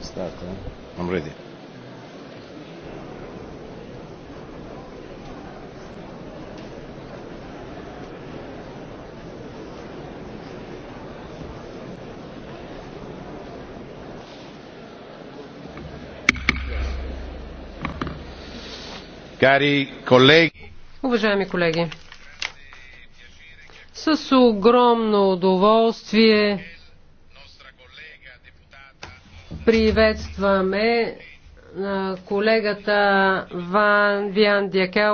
Start, huh? I'm ready. Cari colleghi. Уважаеми колеги, с огромно удоволствие приветстваме колегата Ван Диан Дякел